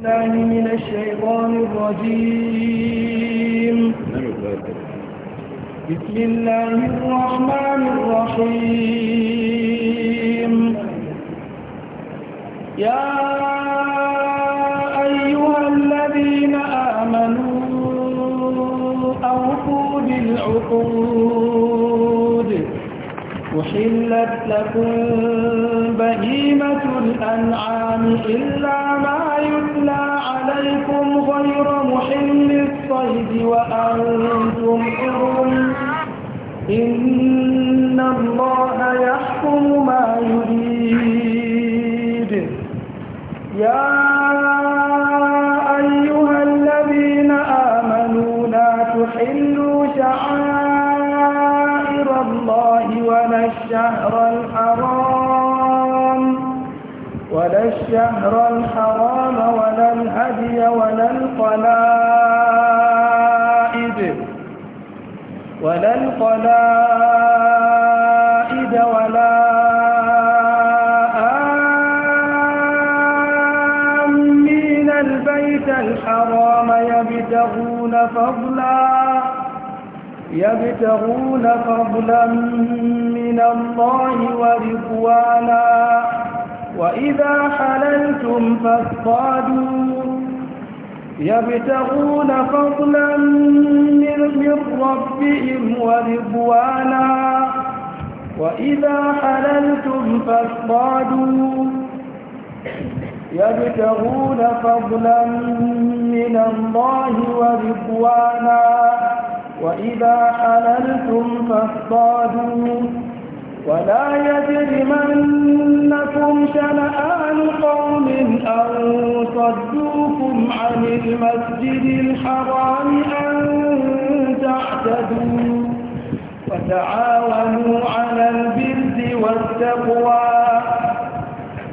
الله من الشيطان الرجيم بسم الله الرحمن الرحيم يا أيها الذين آمنوا أوفوا بالعقود أحلت لكم بهيمة الأنعام إلا ما يتلى عليكم غير محل الصيد وأنتم حرم إن الله يحكم ما يريد يا الشهر الحرام ولا الهدي ولا القلائد ولا القلائد ولا آمين البيت الحرام يبتغون فضلا يبتغون فضلا من الله ورضوانا وإذا حللتم فاصطادوا يبتغون فضلا من ربهم ورضوانا وإذا حللتم فاصطادوا يبتغون فضلا من الله ورضوانا وإذا حللتم فاصطادوا ولا يجرمنكم شنآن قوم أن صدوكم عن المسجد الحرام أن تعتدوا وتعاونوا على البر والتقوى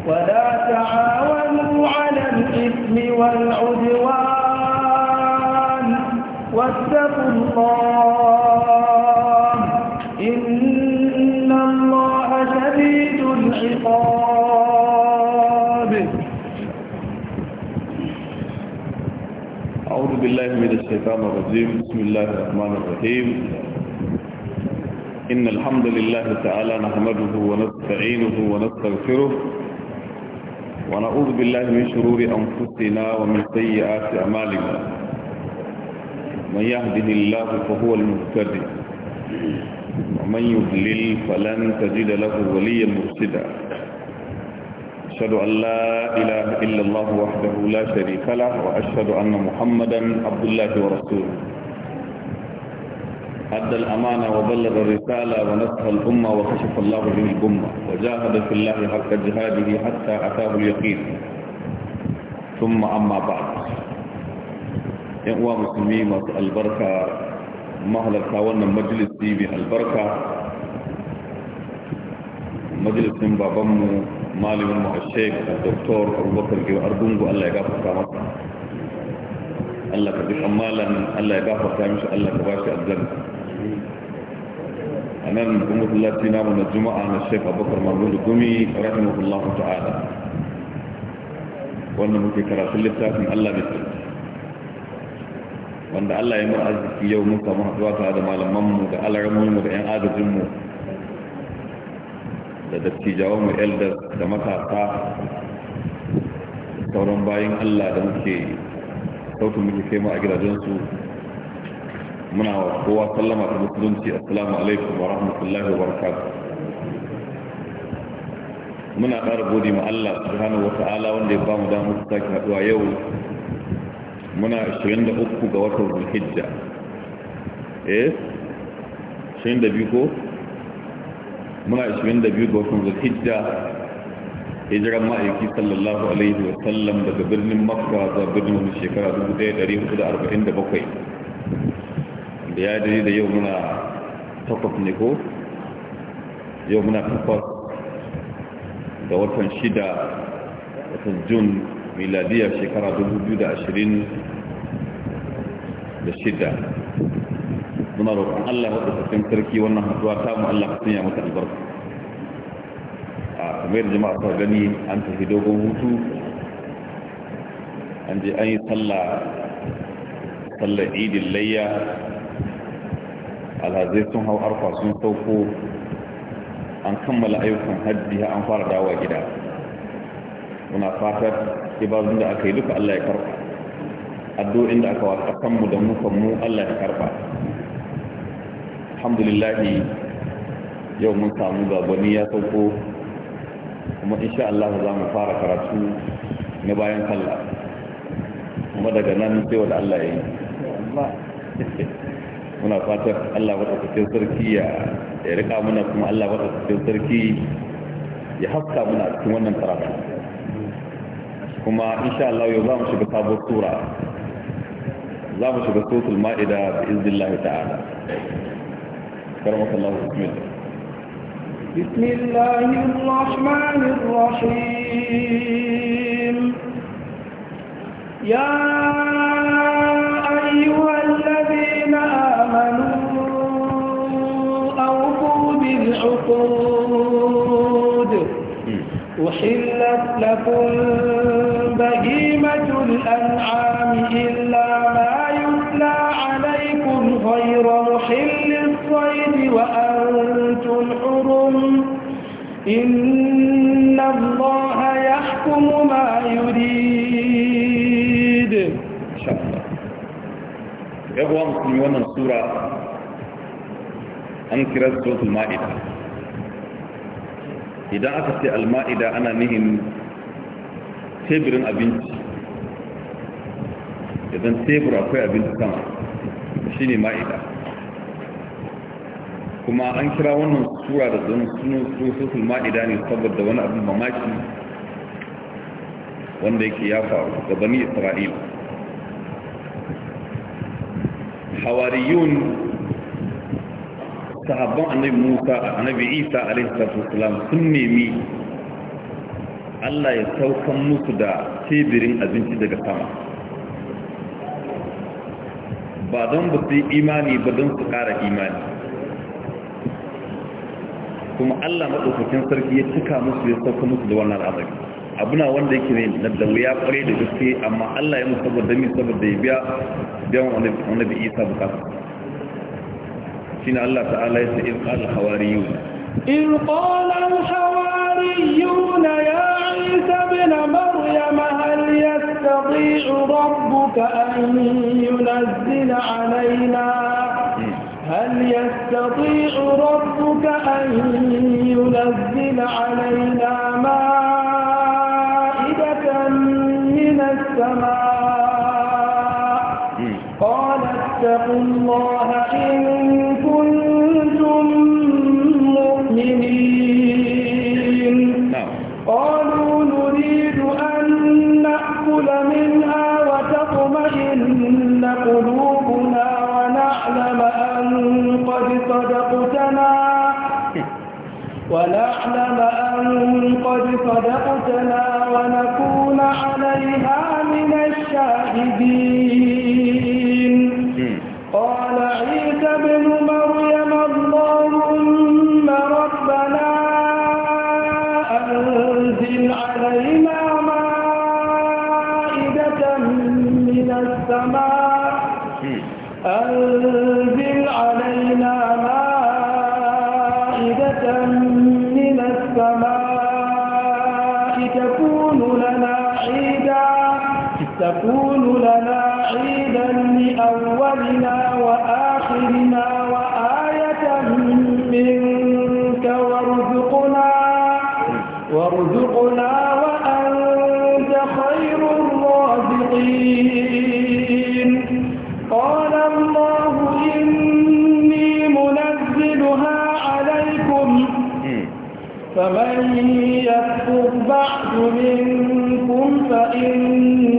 ولا تعاونوا على الإثم والعدوان واتقوا الله عقابه أعوذ بالله من الشيطان الرجيم بسم الله الرحمن الرحيم إن الحمد لله تعالى نحمده ونستعينه ونستغفره ونعوذ بالله من شرور أنفسنا ومن سيئات أعمالنا من يهده الله فهو المهتدي ومن يضلل فلن تجد له وليا مرشدا أشهد أن لا إله إلا الله وحده لا شريك له وأشهد أن محمدا عبد الله ورسوله أدى الأمانة وبلغ الرسالة ونصح الأمة وكشف الله به الأمة وجاهد في الله حق جهاده حتى أتاه اليقين ثم أما بعد أخوة مسلمين البركة mahalarta wannan majalisi mai albarka majalisin babanmu malamin mu a sheik dr abubakar gero ardungu allah ya gafarta masa allah ka jikan malam allah ya gafarta mishi allah ka bashi aljanna a nan gumutullaci namu na juma'a na sheik abubakar mahmudu gumi rahimahullahu ta'ala wannan muke karatun littafin allah mai wanda Allah ya mu arziki yau mun samu haɗuwa tare da mu da mu da 'yan mu, da mu elders da matasa sauran bayan Allah da muke sautin muke kai mu a gidajensu muna wa kowa sallama ta musulunci assalamu alaikum wa rahmatullahi wa barakatuh muna ƙara gode ma Allah subhanahu wa ta'ala wanda ya ba mu damar sake haɗuwa yau muna 23 ga watan zulhijja eh 22 ko muna 22 ga watan zulhijja hijiran ma'aiki sallallahu alaihi wa sallam daga birnin makka zuwa birnin shekara 1447 da ya dare da yau muna takwas ne ko yau muna takwas ga watan shida watan jun miladiyar shekara 2020 da shida muna roƙon Allah ya tsakakin sarki wannan haduwa ta mu Allah ka sanya mata albarka a kamar da jama'a ta gani an tafi dogon hutu an je an yi sallah sallar idin layya alhazai sun hau arfa sun sauko an kammala ayyukan hajji an fara dawa gida muna fatar ibadun da aka yi duka Allah ya karɓa addu'in da aka wasa kanmu da mukan mu Allah ya karba alhamdulillah yau mun samu gabani ya sauko kuma insha Allah za mu fara karatu na bayan kalla kuma daga nan sai wanda Allah ya yi muna fatar Allah maɗaukakin sarki ya rika muna kuma Allah maɗaukakin sarki ya haska muna cikin wannan karatu kuma insha Allah yau za mu shiga sabuwar tura za mu shiga sotul ma'ida da izin ta'ala karmaka Allah bismillah بسم الله الرحمن الرحيم يا أيها الذين آمنوا بالعقود أحلت لكم بهيمة الأنعام إلا وأنتم حرم إن الله يحكم ما يريد إن شاء الله يقول الله في يوم السورة أنك رزقت المائدة إذا أتت المائدة أنا نهم تبر أبنت إذا تبر أبنت كما شيني مائدة kuma an kira wannan sura da zan sunan sosul ma'ida ne saboda wani abin mamaki wanda yake ya faru ga bani isra'il hawariyun sahabban annabi musa annabi isa alaihi salatu sun nemi Allah ya saukan musu da tebirin abinci daga sama ba don ba su imani ba don su ƙara imani kuma Allah madaukakin sarki ya cika musu ya sauka musu da wannan azabi abuna wanda yake ne da wuya kware da gaske amma Allah ya musu saboda min saboda ya biya biyan wani wani bi isa bukata shine Allah ta'ala ya ce in qal hawariyun in qala al hawariyun ya isa ibn maryam hal yastati'u rabbuka an yunzila alaina هل يستطيع ربك أن ينزل علينا مائدة من السماء قال اتقوا الله إن أنزل علينا مائدة من السماء تكون لنا عيدا تكون لنا عيدا لأولنا وآخرنا وآية منك وارزقنا وارزقنا ومن يكفر بعد منكم فإن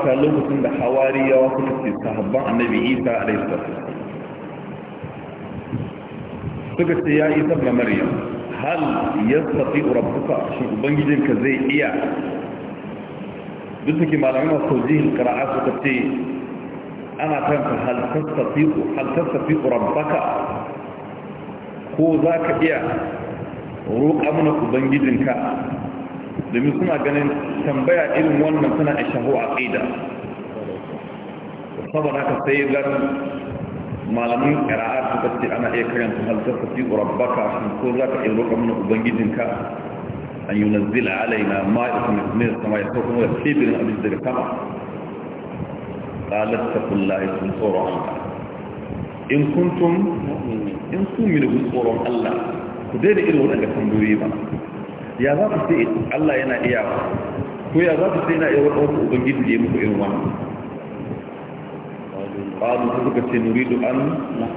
ambata lokacin da hawariyawa suka ce sahabban annabi isa a laifin suka ce ya isa da maryam hal ya safi rabbuka shi ubangijinka zai iya duk da ke malamai masu jihin kara'a suka ce ana kanka hal tasafi rabbaka ko za ka iya roƙa mana ubangijinka domin suna ganin tambaya irin wannan suna a shahu a ƙida saboda haka sai gan malamin ƙara'ar suka ce ana iya karanta halittar su fi ƙurabbaka shi ko za ka iya roƙa mana ubangijinka an yi nazzila alaina ma ya kuma ne da sama ya sau kuma da tebirin abinci daga sama ƙalar tafullahi sun tsoron allah in kuntum in kun mini tsoron allah ku daina irin waɗanda tambayoyi ba ya za ku ce Allah yana iya ko ya za ku ce na iya wata wasu ubangiji da ya muku irin wannan qalu su suka ce nuridu an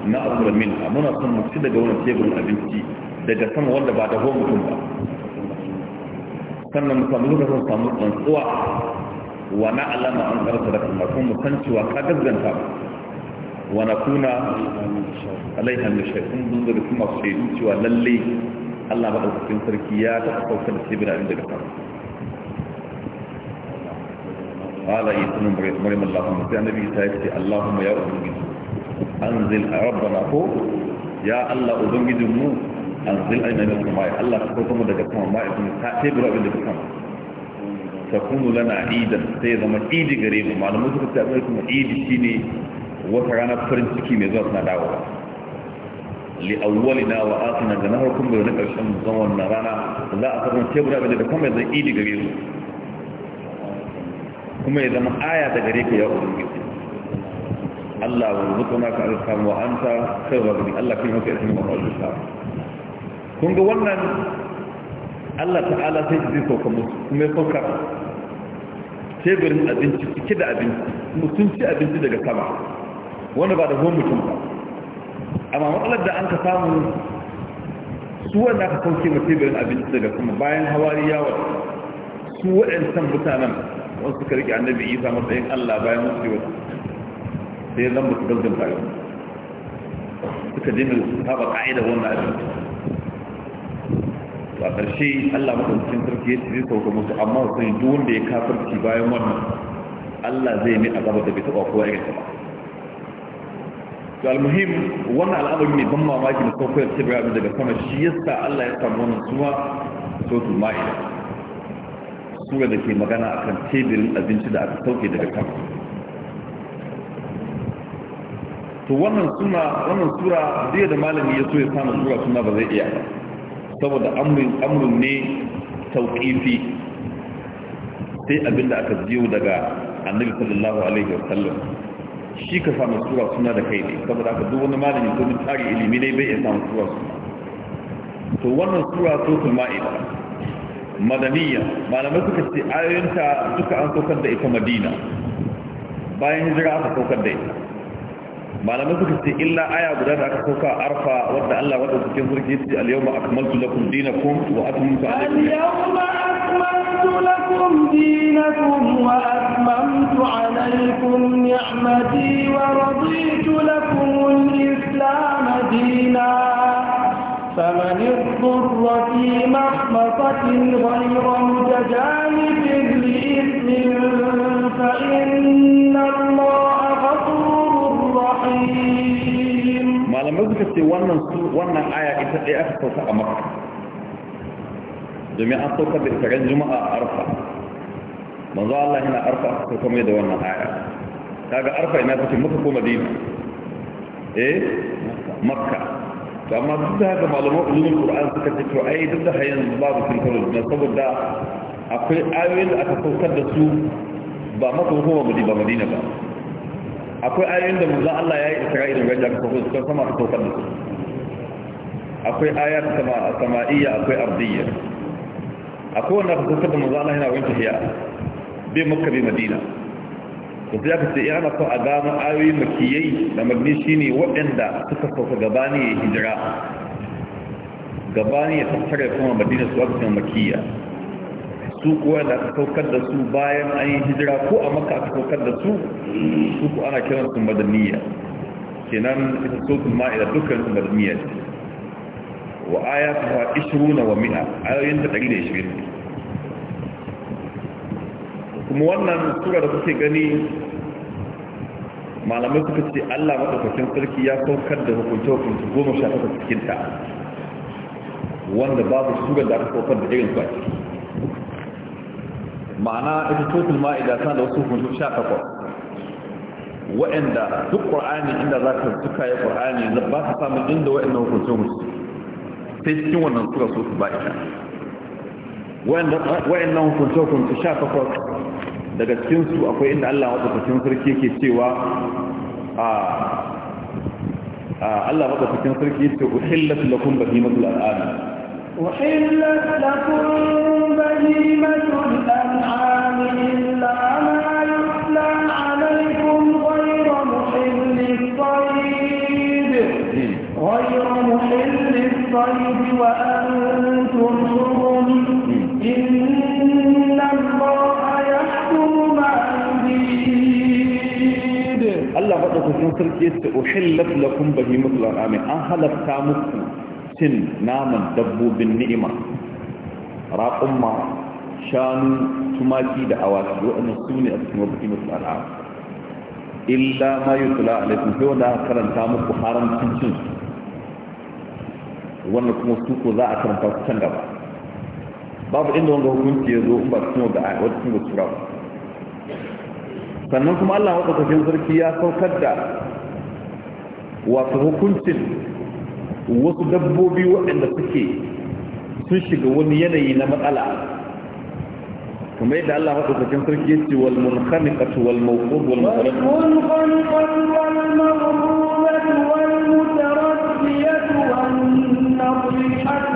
na'kula a muna son mu ci daga wannan teburin abinci daga sama wanda ba da ho mutum ba sannan mu samu lokacin samu tsantsuwa wa alama an karanta da kuma kuma mu san cewa ka gaskanta wa nakuna alaiha min shay'in dun da kuma shaidu cewa lallai? Allah ba ɗaukakin sarki ya taɓa kauta da ce bira inda gafar. Ala yi sunan bari Allahun sai annabi ta yi ce Allahun ya Ubangiji. An zil a ko ya Allah Ubangijin mu an zil a yanayin kuma ya Allah ta kauta mu daga kuma ma'a kuma ta ce bira inda gafar. Ta kunu lana idan sai zama idi gare mu malamu suka ta ɓarfi mu idi shi ne wata ranar farin ciki mai zuwa suna dawowa. li'awwalina wa atina da nahar kun bayyana karshen zaman na rana za a sabon tebura bai da kuma zan idi gare su kuma ya zama aya da gare ka ya ubangiji Allah wa rubutuna ka alkam wa anta khairu rabbi Allah kai maka ismi wa alisa kun ga wannan Allah ta'ala sai ji ko kuma kuma ka, teburin abinci cike da abinci mutunci abinci daga sama wanda ba da hon mutum ba amma matsalar da an ka samu su wanda aka kauce ma teburin abinci daga kuma bayan hawari yawon su waɗancan mutanen wasu suka rike annabi isa matsayin allah bayan wasu yawon sai zan ba su gazdin bayan suka je mai saba ka'ida wannan abinci a ƙarshe allah maɗaukacin sarki ya ce sauka musu amma sun yi duk wanda ya kafarci bayan wannan allah zai mai azaba da bai taɓa kowa ya ta ba to almuhim wannan al'amari ne ban mamaki na saukar tibira daga sama shi yasa Allah ya samu wannan suma sotul ma'ida sura da ke magana akan tebirin abinci da aka sauke daga sama to wannan suna wannan sura zai da malami ya so ya samu sura suna ba zai iya saboda amrin amrin ne tauqifi sai abinda aka jiyo daga annabi sallallahu alaihi wasallam shi ka samu tura suna da kai ne saboda aka duk wani malami ko mun tsari ilimi ne bai iya samu tura suna to wannan sura sotul ma'ida madaniya malamai suka ce ayoyinta suka an saukar da ita madina bayan hijira aka saukar da ita malamai suka ce illa aya guda da aka sauka arfa wadda Allah wadda cikin surki ce al-yawma akmaltu lakum dinakum wa atmamtu alaykum al-yawma akmaltu لكم دينكم وأتممت عليكم نعمتي ورضيت لكم الإسلام دينا فمن اضطر في مخمصة غير متجانف لإثم فإن الله غفور رحيم. ما لم يذكر wannan wannan aya ita ɗaya aka sauka a domin an saukar da ikarin juma'a a arfa manzo Allah yana arfa ko kuma da wannan aya kaga arfa ina take maka ko madina eh makka to amma duk da haka malaman ulumul qur'an suka ce to ai duk da hayan babu sun na saboda akwai ayoyin da aka saukar da su ba maka ko madina ba madina ba akwai ayoyin da manzo Allah ya yi isra'ila ga aka saukar da su sama aka saukar da su akwai aya sama sama'iyya akwai ardiyya a kowane aka kusa da manzo Allah yana wani tafiya bai makka bi madina to sai aka ce ya eh, ana so a gano ayoyi makiyai da madni shine waɗanda suka sauka gabani ya hijira gabani ya tattara kuma madina su aka makiya su kuwa da aka saukar da su bayan an yi hijira ko a maka aka saukar da su su ku ana kiransu madaniya kenan ita sotun ma'ida dukkan su madaniya ce wa ayatuha 20 wa 100 ayoyin da 120 kuma wannan tura da kuke gani malamai suka ce Allah madaukakin sarki ya saukar da hukunce-hukunce goma sha takwas cikin ta wanda babu sugar da aka saukar da irin ba ma'ana ita totul ma'ida tana da wasu hukunce sha takwas waɗanda duk ƙur'ani inda za ka suka yi ƙur'ani ba ka samun inda waɗanda hukunce hukunce sai cikin wannan suka su ba ita wayannan hukunce-hukunce sha takwas daga cikinsu akwai inda Allah matsakacin sarki ke cewa a Allah sarki uhillat lakum bahimatul uhillat lakum bahimatul illa الطيب وأنتم شرهم إن الله يحكم ما يريد الله بعد كثير تركيز أحلت لكم بهيمة الأنعام أهلت كامتكم sin naman dabbobin ni'ima raƙon shanu tumaki da awaki waɗannan su a cikin wabuki masu al'ada illa ma yi tula alaikun sai wanda aka karanta muku haramcin cin wannan kuma su ko za a karanta su can gaba babu inda wanda hukunci ya zo in ba cikin da wata cikin da sura ba sannan kuma Allah maɗaukakin sarki ya saukar da wasu hukuncin wasu dabbobi waɗanda suke sun shiga wani yanayi na matsala kuma yadda Allah maɗaukakin sarki ya ce wal munkhaniqatu wal mawqud wal mukhrij wal munkhaniqatu wal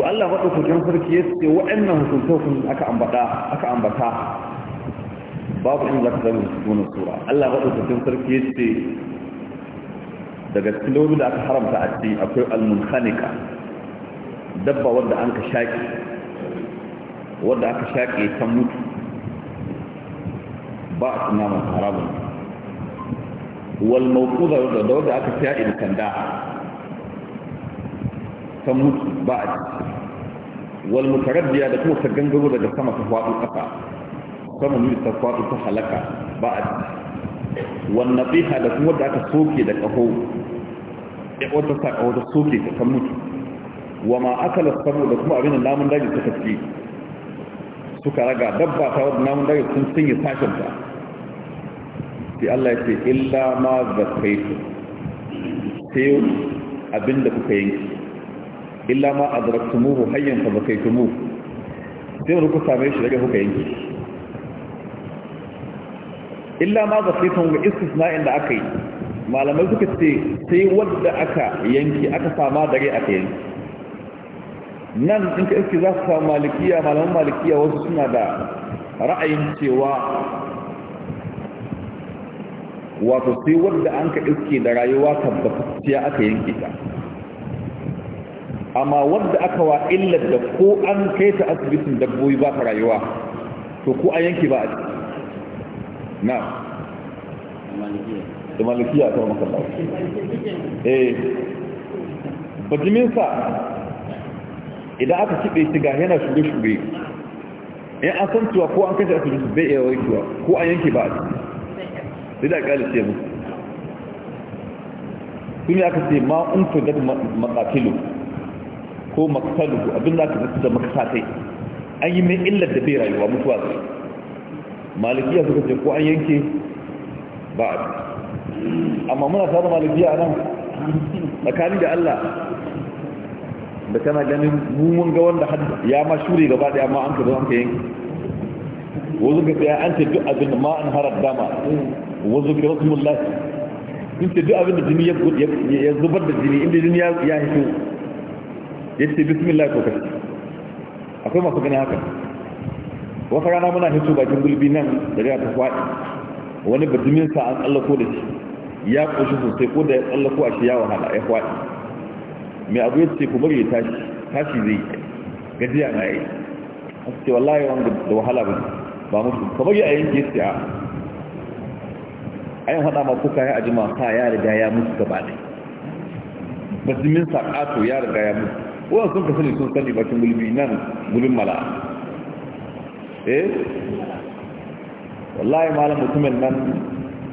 to Allah maɗaukakin sarki ya ce waɗannan hukuntokun aka ambata aka ambata babu in za ka zama sunan sura Allah maɗaukakin sarki ya ce daga cikin da aka haramta a ce akwai al dabba wadda an ka shaƙi wadda aka shaƙe ta mutu ba a tunaman haramun wal mawquza da wanda aka fiya da kanda ta mutu ba a ciki wal mutarabbiya da kuma ta gangaro daga sama ta faɗo ƙasa sama ne ta faɗo ta halaka ba a ciki wal nasiha da kuma da aka soke da kaho, ya wata sa ƙaho ta soke ta ta mutu wa ma akala saboda kuma abin da namun daji suka ci suka raga dabba ta wadda namun daji sun cinye sashen ta sai Allah ya ce illa ma zakaitu sai abinda kuka yanki illa ma adraktumuhu hayyan fa bakaitumu sai ruku same shi daga kuka yanki. illa ma zakitun ga istisna'in da aka yi malamai suka ce sai wadda aka yanki aka sama dare aka yanki nan in ka iske za su samu malikiya malaman malikiya wasu suna da ra'ayin cewa wato sai wadda an ka iske da rayuwa tabbatacciya aka yanke ta amma wanda aka wa illar da ko an kai ta asibitin dabbobi ba ta rayuwa to ko a yanki ba a ciki na da malikiya ta maka ba eh bajiminsa idan aka kiɓe shi ga yana shuge-shuge in an san cewa ko an kai ta asibitin bai iya warkewa ko a yanki ba a ciki sai da ce mu sun yi aka ce ma'un da matsatilu ko maktalu abin da aka da maktatai an yi mai illar da bai rayuwa mutuwa zai malikiya suka ce ko an yanke ba a amma muna tare malikiya nan tsakanin da Allah da kana ganin mumun ga wanda ya ma shure gaba da amma an ka zo an ka yanke wazo ga tsaya an ce duk abin ma an harar dama wazo ga rasulullahi in ce duk abin da jini ya zubar da jini inda jini ya hito yace bismillah ko kace akwai masu gani haka wata rana muna hito bakin gulbi nan da ya ta faɗi wani bajimin sa an tsallako da shi ya ƙoshi sosai ko da ya tsallako a shi ya wahala ya faɗi mai abu ya ce ku bari ya tashi tashi zai gajiya na yi a ce wallahi wanda da wahala ba ba musu ka bari a yanke shi a ayin haɗa ma kuka ya ajima sa ya riga ya mutu gaba ne bajimin sa ƙato ya riga ya mutu wa sun ka sani sun sani bakin gulbi nan gulbin mala eh wallahi malam mutumin nan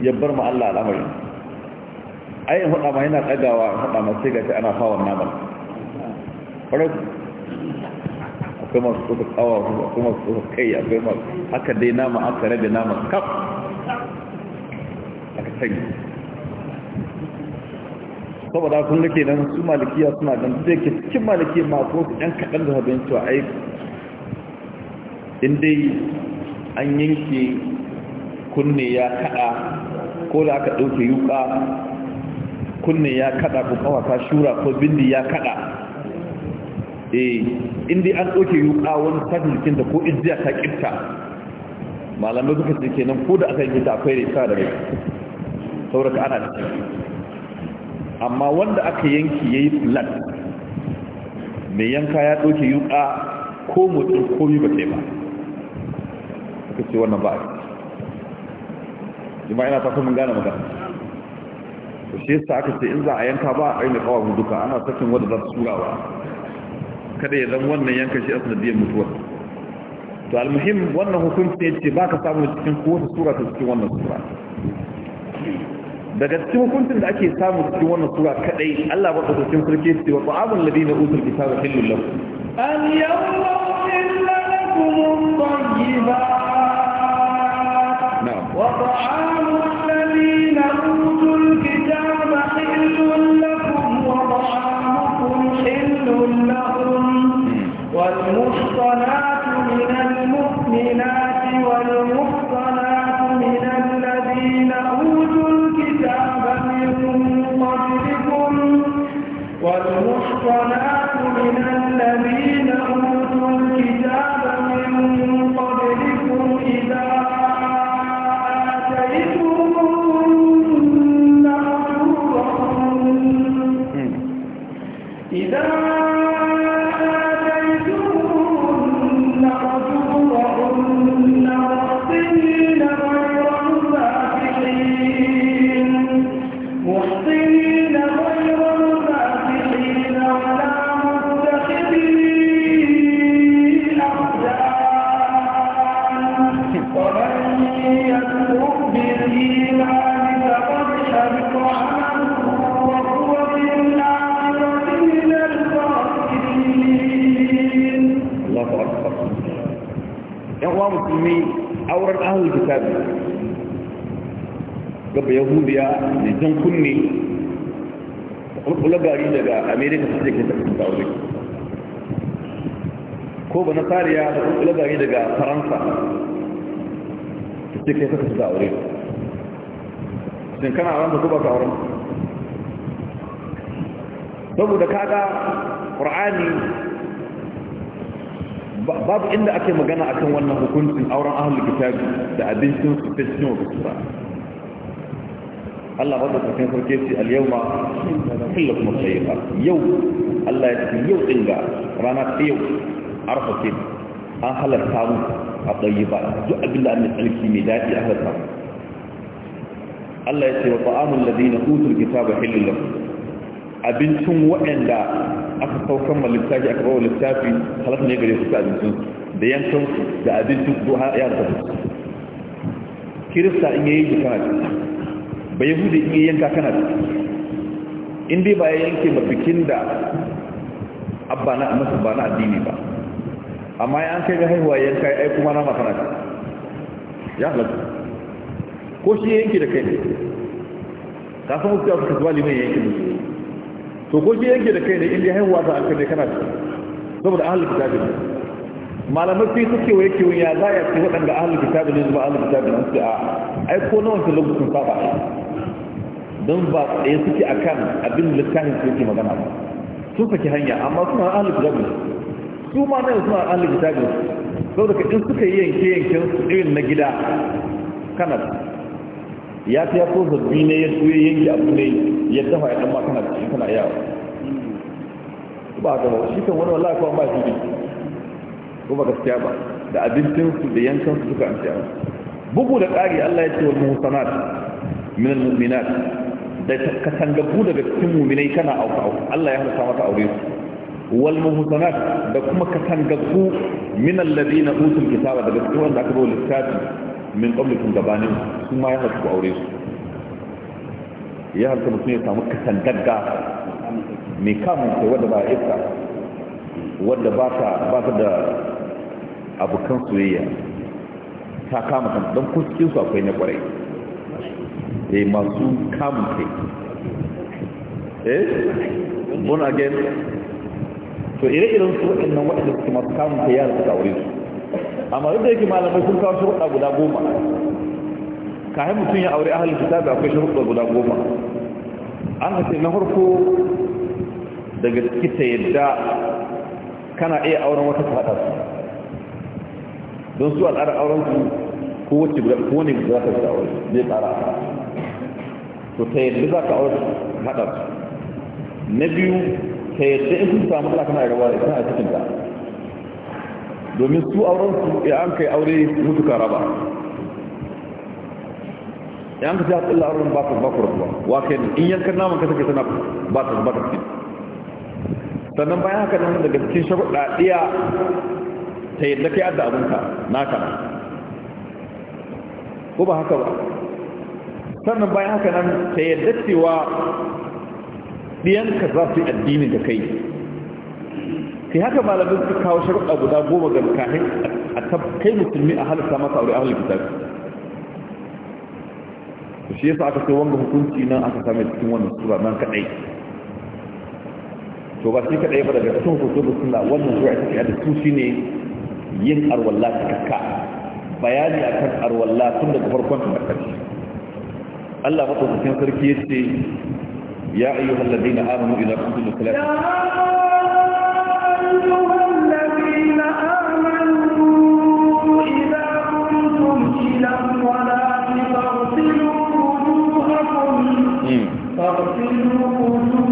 ya bar ma Allah al'amari ai in hada ma yana tsagawa in hada ma sai ga ana fawon nama ƙwarar akwai masu tsoka tsawa akwai masu tsoka kai akwai masu haka dai nama aka rabe nama kaf aka sanya saboda kun ke nan su malikiya suna dan da yake cikin maliki ma ko su dan kadan da habin cewa ai in dai an yanke kunne ya kada ko da aka dauke yuka kunne ya kada ko kawa shura ko bindi ya kada eh in dai an dauke yuka wani sabikin da ko izziya ta kirta malamai suka ce kenan ko da aka yi ta akwai rika da rai saboda ana ciki amma wanda aka yanki ya yi flat mai yanka ya ɗauke yuka ko mutum komi ba ba aka ce wannan ba a yi jima ina ta kuma gane magana to shi yasa aka ce in za a yanka ba a aina kawai duka ana sakin wanda za su turawa kada ya zan wannan yanka shi a sanadiyar mutuwar to almuhim wannan hukunci ya ce ba ka samu cikin kowace sura ta cikin wannan sura daga cikin hukuncin da ake samu cikin wannan sura kadai Allah ba tsotsin sarki ba, wa ta'amul ladina utul kitaba hillul lakum al yawma illa lakum tayyiba wa ta'amul ba yahudiya mai jan kunne kulkula gari daga amerika su ke tafi da aure ko ba nasariya da kulkula gari daga faransa su ke tafi da aure shin kana ranta ko ba ka ranta saboda kaga qur'ani babu inda ake magana akan wannan hukuncin auren ahlul kitabi da abincin su ta cikin wasu Allah wanda ta kan sarki ce al-yawma kullakum tayyiba yau Allah ya ce yau din ga rana ta yau arfa ce an halarta mu a ba. duk abin da annabi sarki mai dadi a halarta mu Allah ya ce wa ta'amul ladina utul kitaba halal lakum abincin waɗanda aka saukan ma littafi aka bawa littafi halatta ne gare su ta abincin da yankan da abincin duha ya da kirista in yayi bukata ba yahudi in yanka kana da in dai ba ya yanke ba bikin da abba na masa ba na addini ba amma ya an kai ga haihuwa yanka ai kuma na makana ta ya halatta ko shi ya yanke da kai ne ka san wasu yawon kasuwa liman ya yanke musu to ko shi ya yanke da kai ne inda haihuwa ta alkar ne kana da saboda ahalar kitabin malamai sai suke wa yake ya za a yi waɗanda ahalar kitabin ne zuwa ahalar kitabin an ce a ai ko na wancan lokacin saba don ba ɗaya suke a kan abin littafin su yake magana ba sun saki hanya amma suna an ahalin kitabi su ma nan suna ahalin kitabi sau da kaɗin suka yi yanke yanken irin na gida kanar ya ta yaso zabbi ne ya tsoye yanke abu ne ya dafa ya ɗan ma kanar shi kana yawa ba a gaba shi kan wani wallahi kuma ba shi ne ko ba gaskiya ba da abincinsu da yankansu suka amsa bugu da ƙari Allah ya ce wa muhsanat min al-mu'minat da katangabu daga cikin muminai kana auka auka Allah ya halatta maka aure su wal muhsanat da kuma katangabu min alladhina utul kitaba daga cikin wanda aka bawa littafi min qablikum gabanin su ma ya halatta aure su ya halatta mutum ya samu katangagga mai kamun kai wanda ba iska wanda ba ta ba ta da abokan soyayya ta kama kan don su akwai na kwarai eh masu kamfe eh born again to ire-iren su waɗannan waɗanda suke masu kamun kai yara suka aure su amma duk da yake malamai sun kawo sharuɗa guda goma kayan mutum ya aure ahalin kitabi akwai sharuɗa guda goma an hace na farko daga ciki ta yadda kana iya auren wata fada su don su al'adar auren su ko wacce ko ne guda ta aure zai tsara to ta yadda za ka aure haɗar na biyu ta yadda in sun samu ta kana rawa ita a cikin ta domin su auren su ya an kai aure mutu ka raba ya an ka ta tsalla auren ba ta ba ku rabuwa wa kai in yankar naman ka ke tana ba ta ba ta fi sannan bayan haka nan daga cikin shabuɗa ɗaya ta yadda kai adda abinka naka ko ba haka ba sannan bayan haka nan ta yadda cewa ɗiyanka za su yi addini da kai sai haka malamin su kawo shirka guda goma ga kahin a kai musulmi a halitta masa aure a halitta su shi yasa aka sai wanga hukunci nan aka same cikin wannan sura nan kaɗai to ba shi kaɗai ba daga cikin hukunci da suna wannan sura ta fiye a da su shi ne yin arwallah ta kakka bayani akan arwallah tun daga farkon ta ƙarshe Allah madaukakin sarki yace ya ayyuhal ya ayyuhal ladina amanu idza kuntum ila salati faghsilu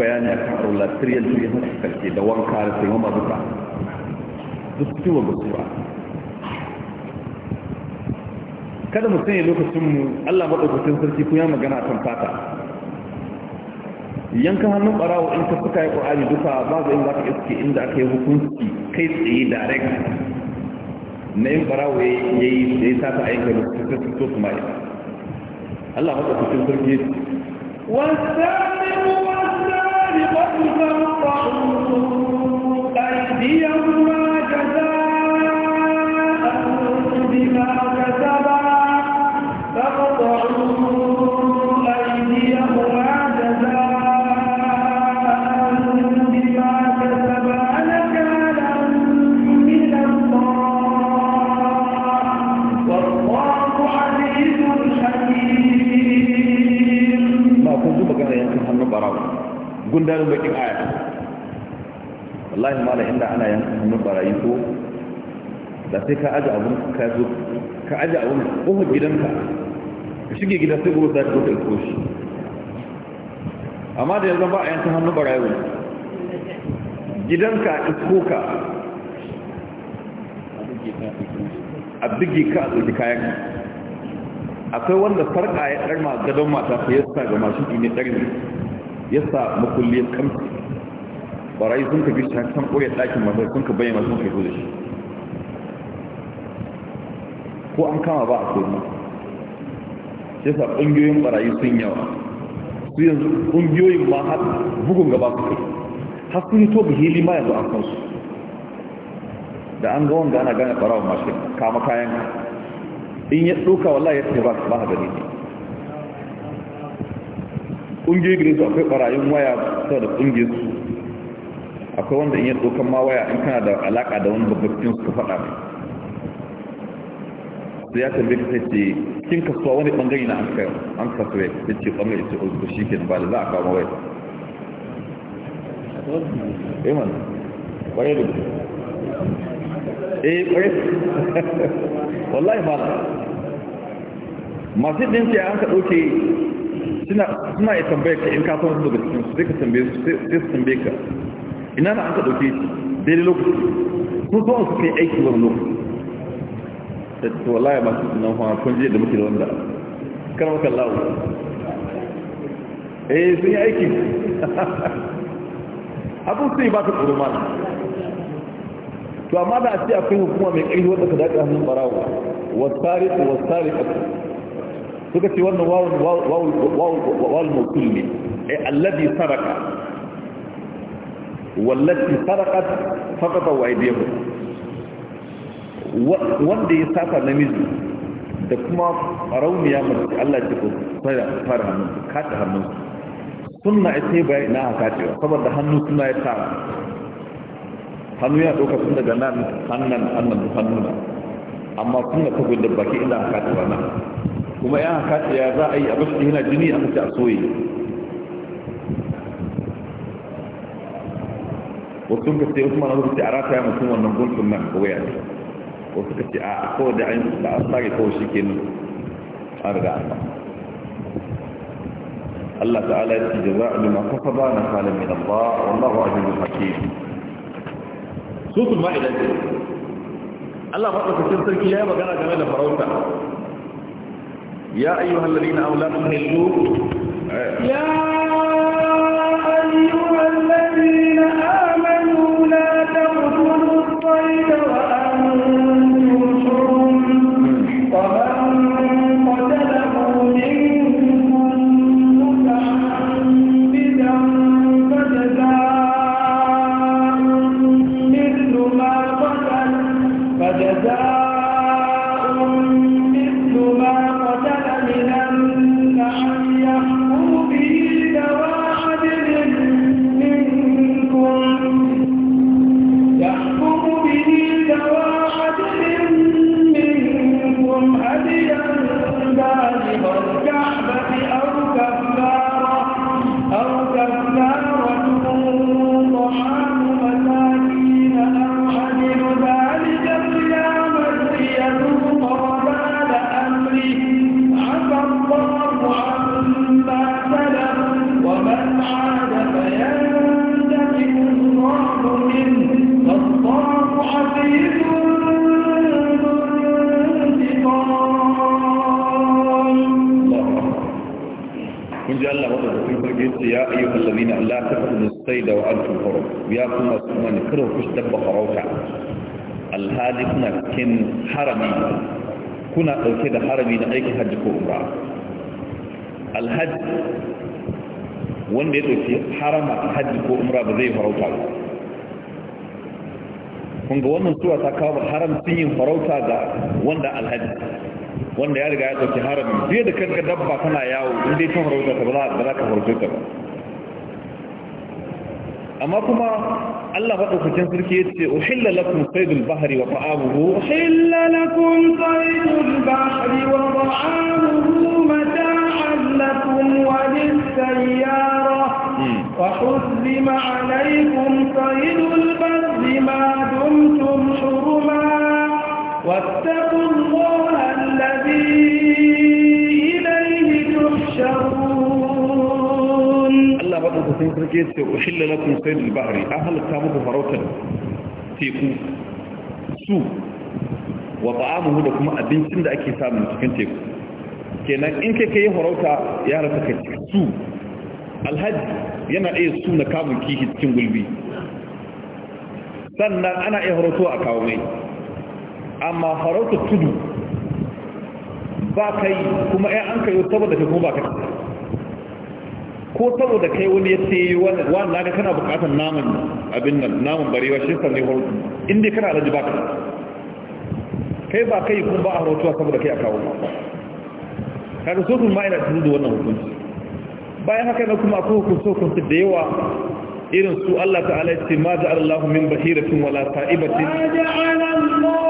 bayani a kan arola tiriyar tiriyar haka karshe da wanka da sai mama duka duk ba su ba, kada mu sanya lokacin mu Allah madaukakin sarki kuma ya magana akan fata yankan hannun ɓarawa in ka suka yi ƙwa'ari duka za in za ka iske inda aka yi hukunci kai tsaye direct na yin ɓarawa ya yi da ya sata a yankan lokacin su so su mai Allah madaukakin sarki wasu سابقة فاقطعوا أيديهم gundarin bakin aya wallahi mala inda ana yanka hannu barayi ko da sai ka aji abun ka zo ka aji abun kofar gidanka ka shige gida sai gobe za ka zo ka iko shi amma da yanzu ba a yanka hannu barayi gidanka iko ka a ka a tsoki kayan akwai wanda farka ya ɗarma gadon mata sai ya sa ga mashin ne ɗarmi. ya sa makulliyar kamfi barayi sun ka bishiyar kan ɓoye ɗakin masar sun ka bayyana sun kai da shi ko an kama ba a koma ya sa ƙungiyoyin barayi sun yawa su yanzu ƙungiyoyin ma har bugun gaba su kai har sun hito ga hili ma yanzu an san su da an ga wanga ana gane ɓarawa mashin kama kayan in ya ɗauka wallahi ya ce ba ka gani ne kungiyoyi gare su akwai barayin waya sau da kungiyar su akwai wanda in yi tsokan ma waya in kana da alaka da wani babbacin su su faɗa mai sai ya tambaye ka ce kin kasuwa wani bangare na an kasuwa ya ce bangare ce ko oh, shi ke ba da za a kawo waya eh man kwaye da eh kwaye wallahi masu ɗin ce an ka ɗauke suna suna ya tambaye ka in ka san daga cikin su sai ka tambaye su sai su tambaye ka ina na an ka dauke daidai lokaci sun so su kai aiki wani lokaci da to wallahi ba su sunan hawa kun je da muke da wanda kana maka lawo eh sun yi aiki abun sai ba ka tsoro mana to amma da a ce akwai hukuma mai ƙarfi wadda ka daɗe hannun barawa wasariƙu wasariƙatu suka ce wannan wawul mautul ne ai eh, allazi saraka wallati sarakat faqata wa aydiyahu wanda ya saka namiji da kuma rauniya mace Allah ce ku fara fara hannun kada hannun sunna ita bai na haka ce saboda hannu suna ya tara hannu ya ɗauka tun daga nan hannan hannan hannuna amma suna ta gudda baki ina haka ce nan kuma yan haka ya za a yi abin da yana jini aka ce a soye wasu ka ce usman wasu ce a rata ya mutum wannan gulfin nan kawai ne wasu ka ce a kawai da an da an sage kawai shi ke nan an riga an Allah ta'ala ya ce jaza'a lima kasaba na salim min Allah wallahu azizul hakim su sun ma'ida Allah maɗaukakin sarki ya yi magana game da farauta يا أيها الذين أولاد تهلوا يا kun ji Allah wanda da kun farge su ya ayyuka allazina la tafadu sai da wa'antum hurum ya kuma kuma ne kada ku dabba farauta alhaji kuna cikin harami kuna dauke da harami na aikin hajji ko umra alhaji wanda ya ɗauki harama a hajji ko umra ba zai farauta ba kun ga wannan suwa ta kawo haramcin yin farauta ga wanda alhaji wanda ya riga ya dauki haramin biye da kanka dabba tana yawo in dai ta farauta ta ba za ka farauta ta ba amma kuma Allah madaukakin sarki yace uhilla lakum saydul bahri wa ta'amuhu uhilla lakum saydul bahri wa ta'amuhu mata'an lakum wa lis-sayyara wa huzzima 'alaykum saydul bahri ma dumtum huruma واتقوا الله الذي إليه تحشرون الله بدأ تنكر كيس أحل لكم سيد البحر أهل التابوت فروتا تيكو سوء وطعامه لكم أبين سند أكي سامن تكن تيكو kenan in kai kai farauta ya rasa ka su alhaji yana iya su na kamun kishi cikin gulbi sannan ana iya farauto a kawo mai amma farauta tudu ba kai kuma ya an kayo saboda kai kuma ba kai ko saboda kai wani ya ce wani na kana bukatar naman abin nan naman barewa shi ne horo inda kana alaji ba kai kai ba kai kuma ba a harautuwa saboda kai a kawo ba, kada so sun ma'ina tudu da wannan hukunci bayan haka na kuma akwai hukunce-hukunce da yawa irin su Allah ta'ala Ya ce ma ja'ala Allah min bahiratin wala ta'ibatin ma ja'ala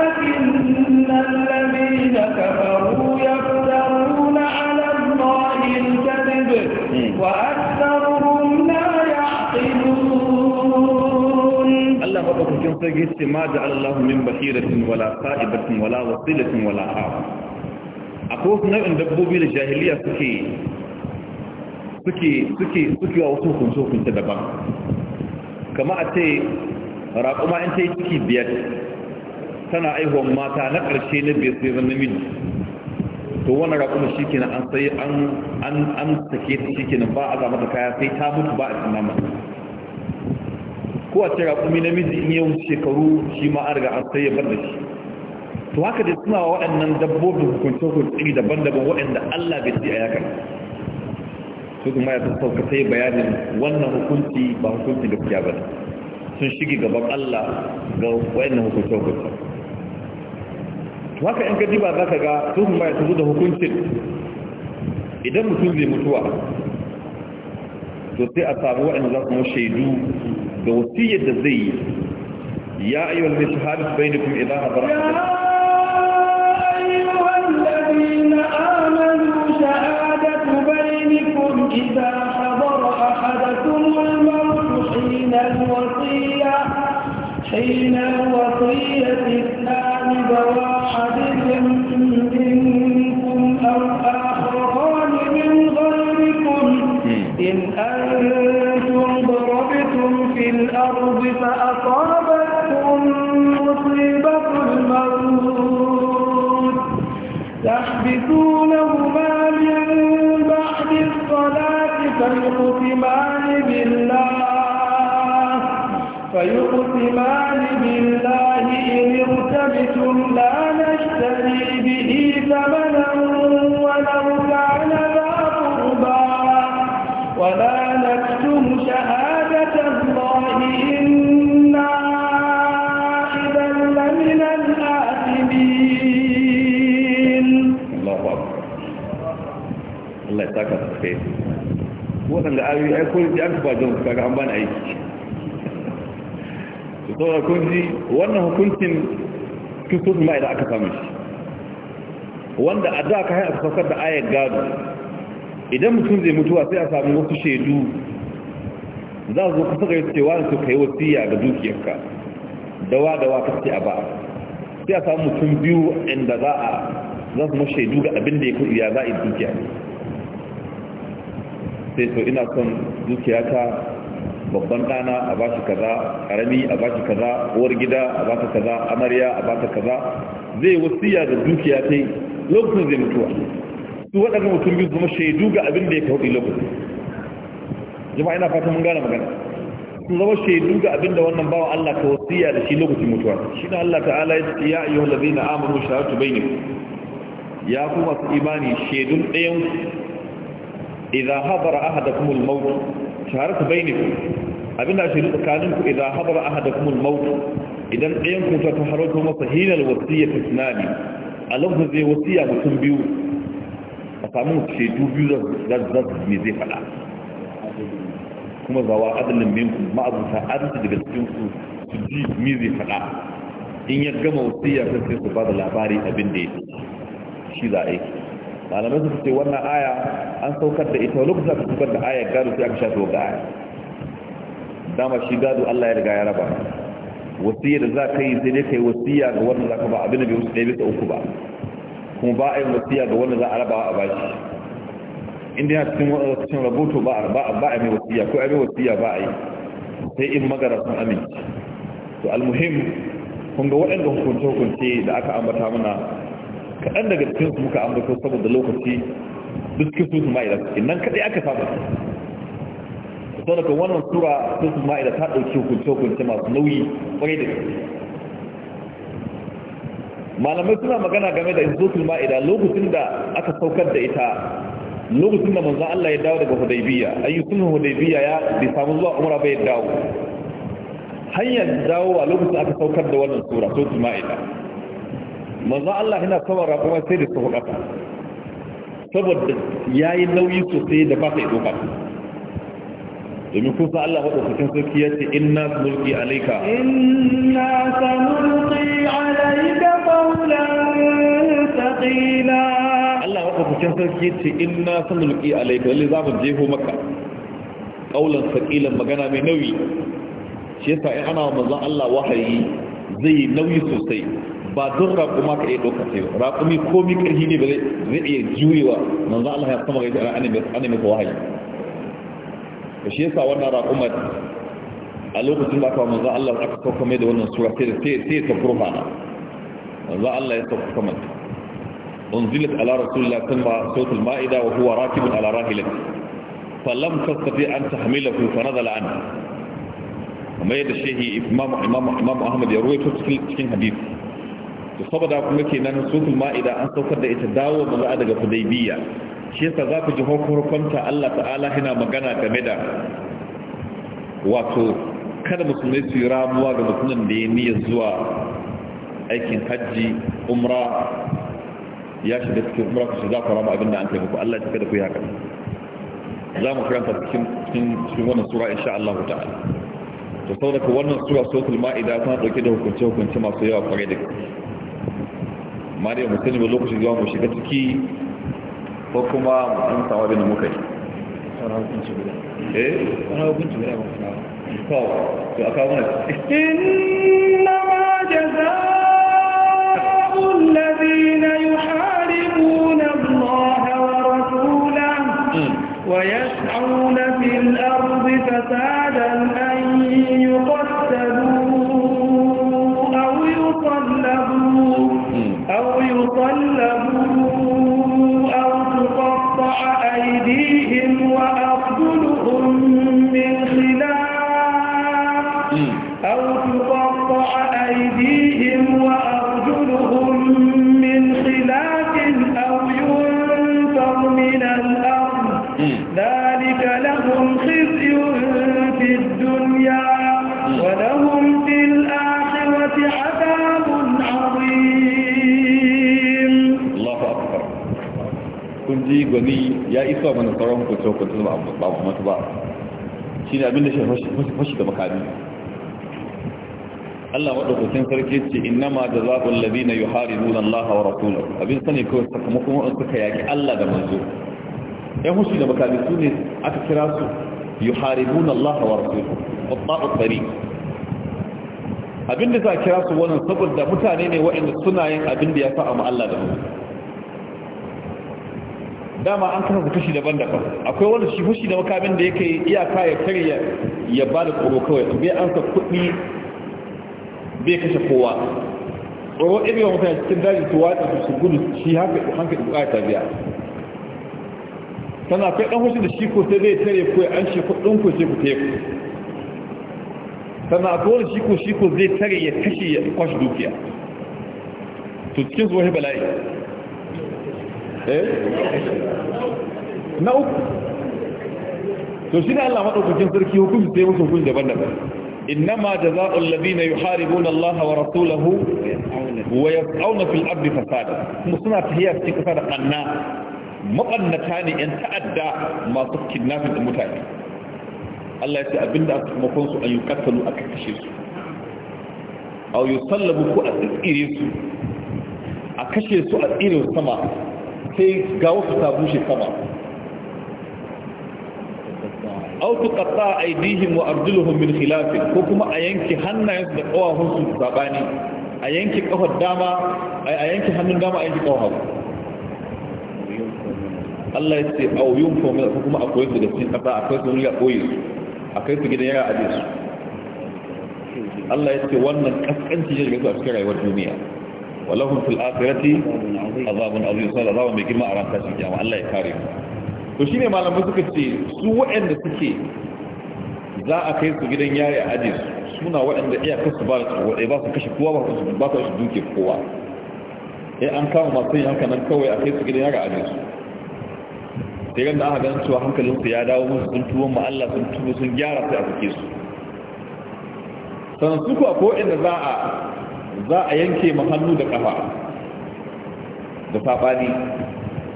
kusan yace ma da Allahu min bahiratin wala sa'ibatin wala wasilatin wala hawa akwai wasu nau'in dabbobi da jahiliya suke suke suke suke wa wasu hukunce hukunce daban kama a ce raƙuma in ta yi ciki biyar tana aihuwan mata na ƙarshe na biyar sai zan namiji to wani raƙuma shi kenan an sai an an sake ta shi kenan ba a zama da kaya sai ta mutu ba a tsinama kowace raƙumi namiji in yi shekaru shi ma an riga an sai ya bar da shi to haka dai suna waɗannan dabbobin hukunce hukunci daban-daban waɗanda Allah bai ce a yaka su kuma ya san sauka sai bayanin wannan hukunci ba hukunci gaskiya ba sun shige gaban Allah ga waɗannan hukuncin hukunci to haka in gadi ba za ka ga su kuma ya tafi da hukuncin idan mutum zai mutuwa to sai a samu waɗanda za su shaidu دوسية الزي يا أيها المسحاب بينكم إذا أبرحت يا أيها الذين آمنوا شهادة بينكم إذا حضر أحدكم الموت حين الوصية حين الوصية إثنان بواحد منكم أو آخران من غيركم إن أهل فيقسمان بالله فيقسمان بالله إن ارتبتم لا نشتري به ثمنا ولو كان ذا قربا ولا نكتم شهادة الله إنا إذا لمن الآثمين الله أكبر الله يسعدك waɗanda ayoyi ai ko ji an ba don kaga an bani aiki Su saboda kun ji wannan hukuncin kusur ma idan aka samu shi wanda a da ka haifar fasar da ayar gado idan mutum zai mutuwa sai a samu wasu shaidu za su kusa ga yake wani su kai siya ga dukiyarka dawa dawa ka ce a ba sai a samu mutum biyu inda za a za su shaidu ga abin da ya kuɗi ya za a yi dukiya ne sai to ina son dukiyata babban ɗana a ba shi kaza ƙarami a ba shi kaza uwar gida a ba ta kaza amarya a ba ta kaza zai wasiya da dukiya ta yi lokacin zai mutuwa su waɗanda mutum biyu zama shaidu ga abin da ya kauɗi lokacin jama'a ina fata mun gane magana sun zama shaidu ga abin da wannan bawa Allah ka wasiya da shi lokacin mutuwa shi na Allah ta'ala ya ce ya ayyuhal ladina amanu shahadatu bainakum ya ku masu imani shaidun ɗayan إذا حضر أحدكم الموت شهرت بينكم أبنى أشهد كانكم إذا حضر أحدكم الموت إذا أنكم تتحرجهم صحيح الوصية الثاني ألغز ذي وصية وتنبيو أصامون تشيدو بيو ذات ذات ميزي فلا كما زواء أدل منكم ما أدلتها أدلت بسيونكم تجيب ميزي فلا إن يقم وصية فسيسو بعض الأباري أبن ديتو شذا إيكي malamai su ce wannan aya an saukar da ita lokacin da aka saukar da aya gado sai aka shafi wa aya dama shi gado Allah ya riga ya raba wasiya da za ka yi sai dai ka yi wasiya ga wanda za ka ba abin da bai wasu ɗaya bisa uku ba kuma ba a yi wasiya ga wanda za a raba a bashi inda yana cikin cikin raboto ba a mai wasiya ko a mai wasiya ba a yi sai in magara sun aminci to almuhim kun ga waɗanda hukunce-hukunce da aka ambata mana kaɗan daga cikin su muka ambata saboda lokaci duk cikin su ma'ida cikin nan kaɗai aka saba sau daga wannan sura su ma'ida ta ɗauki hukunce-hukunce masu nauyi ƙwarai da gaske malamai suna magana game da su ma'ida lokacin da aka saukar da ita lokacin da manzan Allah ya dawo daga hudaibiya ayyukan hudaibiya ya bai samu zuwa Umar bai dawo hanyar dawo a lokacin aka saukar da wannan sura su ma'ida manzo Allah yana sawara kuma sai da su hukata saboda ya yi nauyi sosai da ba sai doka domin kusa Allah wadda cikin sarki ya ce in inna mulki alaika inna samulqi alaika qawlan taƙila. Allah wadda cikin sarki ya ce in na inna samulqi alaika lalle za mu jeho maka qawlan taƙilan magana mai nauyi shi yasa in ana manzon Allah wahayi zai nauyi sosai ba don raƙuma ka iya ɗauka sai raƙumi komi ƙarfi ne ba zai iya juyewa manzo Allah ya sama gaji ana ana mai wahayi to shi yasa wannan raƙuma a lokacin da aka manzo Allah aka sauka mai da wannan sura sai sai sai ta kurfana manzo Allah ya sauka kamar unzilat ala rasulillah kuma sautul maida wa huwa rakibun ala rahilati falam tastati an tahmilahu fa nadala an kamar yadda shehi imam imam imam Ahmad ya ruwaito cikin hadisi to saboda kuma kenan suratul ma'ida an saukar da ita dawo maza daga hudaybiya shi yasa za ku ji hukunta Allah ta'ala yana magana game da wato kada musulmai su yi ramuwa ga mutumin da ya niyyar zuwa aikin hajji umra ya shiga cikin umra ku shiga ku rama abinda an kai muku Allah ya kada ku yi haka za mu karanta cikin cikin wannan sura insha Allah ta'ala to saboda wannan sura sokul ma'ida tana dauke da hukunce hukunce masu yawa kwarai da gaske mariya mutane ba lokacin zuwa mu shiga ciki ko kuma mu an sawa da muka yi eh ana hukunci guda ba kuma to to aka مقلبون ya isa mana sauran hukunci hukunci ba ba mutu ba shi ne abinda shi fashi da makami Allah maɗaukacin sarki ce inna ma da zaɓin labina yi hari nuna Allah wa abin sani kawai sakamakon wa'in suka yaƙi Allah da manzo ‘yan hushi da makami su ne aka kira su yi hari nuna Allah wa rasulau abin da za a kira su wannan saboda mutane ne wa'in suna yin abin da ya fa'a ma Allah da manzo dama an kasa kashi daban-daban akwai wanda shi fushi da makamin da yake iyaka ya karya ya ba da tsoro kawai bai an sa kuɗi bai kashe kowa tsoro irin wata mutane cikin daji su watsa su su gudu shi haka hankali bukata biya tana akwai ɗan fushi da shi ko sai zai tare ko an shi kuɗin ko sai ku teku tana akwai wani shi ko shi ko zai tare ya kashe ya kwashe dukiya to cikin zuwa bala'i eh na uku to shi ne Allah maɗaukakin sarki hukunci sai musu hukunci daban-daban Inna ma da innama jazaa'ul ladina yuharibuna Allah wa rasulahu wa ya tsauna fil ardi fasada kuma suna ta tahiyya cikin kasa da kanna mabannata ne yan ta'adda masu kidnapping da mutane Allah ya ce abinda aka kuma kansu an yuqatalu aka kashe su A aw yusallabu ku a tsire su a kashe su a tsire sama sai ga wasu ta bushe sama autu aw a idihin wa arjuluhum min khilaf ko kuma a yanki hannayensu da kawahunsu sabani a yanki kafar dama a yanki hannun dama a yanki kawahun Allah ya ce aw yunfu ko kuma akwai su da cikin kasa kai su ne a koyi su kai su gidan yara aje su Allah ya ce wannan kaskanci ne su a cikin rayuwar duniya walahum fil akhirati azabun azim sai azabun mai girma a ran tashin kiyama Allah ya kare mu to shine malamai suka ce su waɗanda suke za a kai su gidan yari a aje suna waɗanda iya kasu ba su waɗai ba su kashe kowa ba su ba su duke kowa eh an kama masu yin haka nan kawai a kai su gidan yari a aje su sai ganda aka ganin cewa hankalinsu ya dawo musu sun tuwo ma Allah sun tuwo sun gyara sai a suke su sannan su kuwa ko inda za a za a yanke ma hannu da kafa da saɓani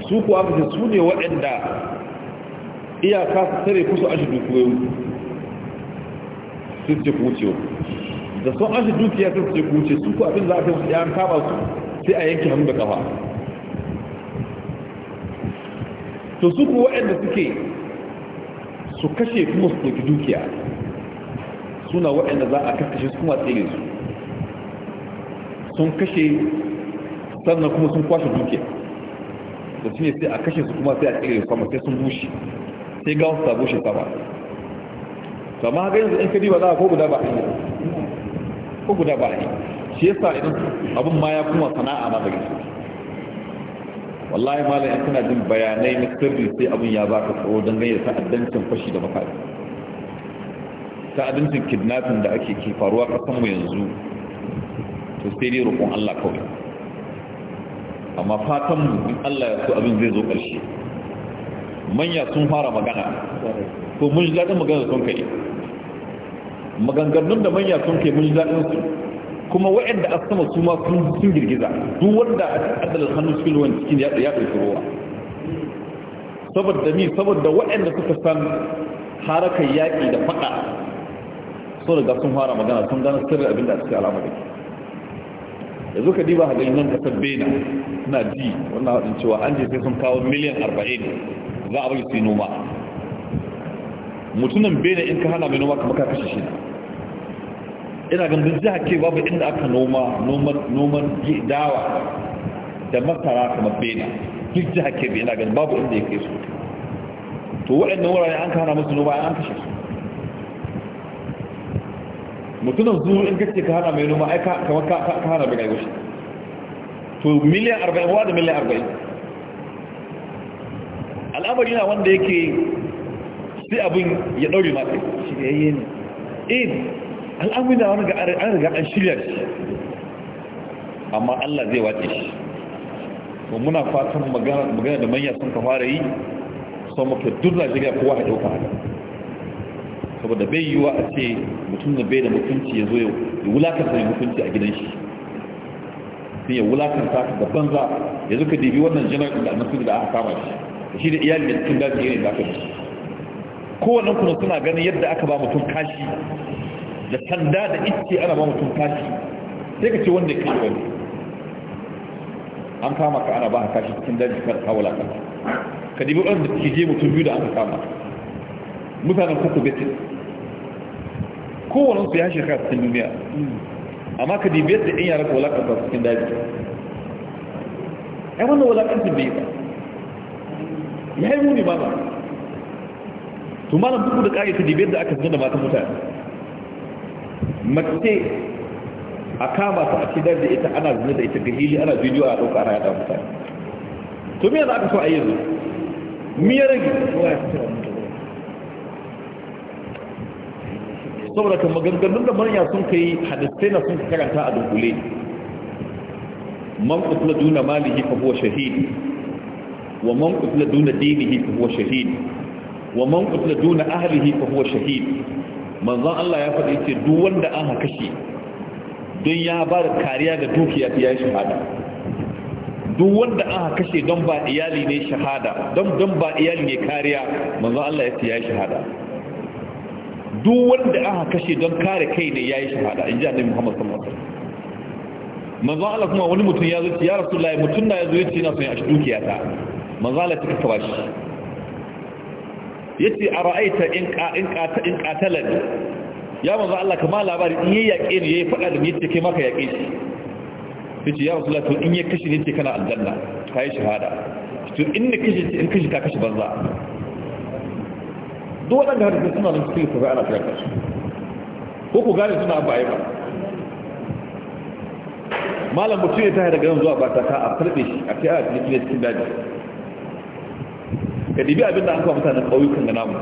su kuwa aka su ne waɗanda iyaka su tare kusa ashe dukiyoyin su ce kucewa da sun ashe dukiya su ce kuce su kuwa abin za a kai su yan su sai a yanke hannu da kafa to su kuwa waɗanda suke su kashe kuma su ɗauki dukiya suna waɗanda za a kakashe su kuma tsere su sun kashe sannan kuma sun kwashe dukiya da shi ne sai a kashe su kuma sai a tsere sama sai sun bushe sai gawon su ta bushe sama sama haka yanzu in kadi ba za a ko guda ba a yi ko guda ba a yi shi yasa idan abin ma ya kuma sana'a ma daga shi wallahi malam in kana jin bayanai na sirri sai abin ya baka tsoro dangane da ta'addancin fashi da makari ta'addancin kidnapping da ake ke faruwa kasan mu yanzu to sai dai roƙon Allah kawai amma fatan mu in Allah ya so abin zai zo ƙarshe manya sun fara magana to mun ji daɗin magana sun kai maganganun da manya sun kai mun ji daɗin su kuma waɗanda a sama su ma sun girgiza duk wanda a adalar hannun cikin ruwan cikin ya ɗauki ruwa saboda ni saboda waɗanda suka san harakar yaƙi da faɗa sun riga sun fara magana sun gane sirri da a cikin alamar da ke da ka diba hagayi nan ka sabbena na ji wannan haɗin cewa an je sai sun kawo miliyan arba'in za a bari su noma mutumin bene in ka hana mai noma kamar ka kashe shi ina ganin jihar ke babu inda aka noma noman dawa da masara kamar bena duk jihar ke bi ina ganin babu inda ya kai su to waɗannan wurare an ka hana musu noma an kashe su mutunan zuwa in gaske ka hana mai noma ai kamar ka hana mai gaigoshi to miliyan 40 wa da miliyan 40 al'amari na wanda yake sai abin ya ɗauri mafi shiryayye ne in eh, al'amari na wani ga an riga an shirya shi amma allah zai wace shi to muna fatan magana da manya sun ka fara yi sau mafi duk najeriya kowa ya ɗauka haka saboda bai yiwuwa a ce mutum da bai da mutunci ya zo ya wulakanta mai mutunci a gidan shi Sun ya wulakanta da banza ya zo ka dibi wannan janar da annabi da aka kama shi shi da iyali da cikin daji ne da aka yi kowanne kuma suna ganin yadda aka ba mutum kashi da sanda da icce ana ba mutum kashi sai ka ce wanda ya kashe wani an kama ka ana ba ka kashi cikin daji kar ka wulakanta ka dibi wanda ke je mutum biyu da aka kama mutanen kuku betin kowane su ya shekara cikin duniya amma ka dibiyar da in yaran ka walakanta cikin daji ai wannan walakanta bai ba ya yi muni mama to malam buku da ƙari ta dibiyar da aka zina da matan mutane mace a kama ta a cidar da ita ana zina da ita ga hili ana bidiyo a ɗauka ana yada mutane to me yana aka so a yi yanzu miyar rage saboda kan maganganun da manya sun kai hadisai na sun karanta a dunkule man kutla duna malihi fa huwa shahid wa man kutla duna dinihi fa huwa shahid wa man kutla duna ahlihi fa huwa shahid manzon Allah ya faɗi ce duk wanda an kashe don ya ba da kariya ga dukiya ya yi shahada duk wanda an kashe don ba iyali ne shahada don don ba iyali ne kariya manzon Allah ya ce ya yi shahada duk wanda aka kashe don kare kai ne ya yi shahada in ji annabi Muhammad sallallahu alaihi wasallam manzo Allah kuma wani mutum ya zo ya Rasulullahi mutum na yazo yace ina son ya shi dukiya ta manzo Allah ta kaba shi yace ara'aita in qa in qata in qatalani ya manzo Allah kama labari in yayi yake ne yayi faɗa da ni yace kai maka yake shi yace ya Rasulullahi to in ya kashe ne yace kana aljanna kai shahada to in ne kashe in kashe ka kashe banza duk waɗanda hadisai suna nan cikin su ga ana fiye kasu. ko ku gane suna ba yi ba malam mutum ya tahi daga nan zuwa ba ta ka a karbe shi a kai a cikin cikin daji ka dibi abinda an kawo mutanen ƙauyukan ga namu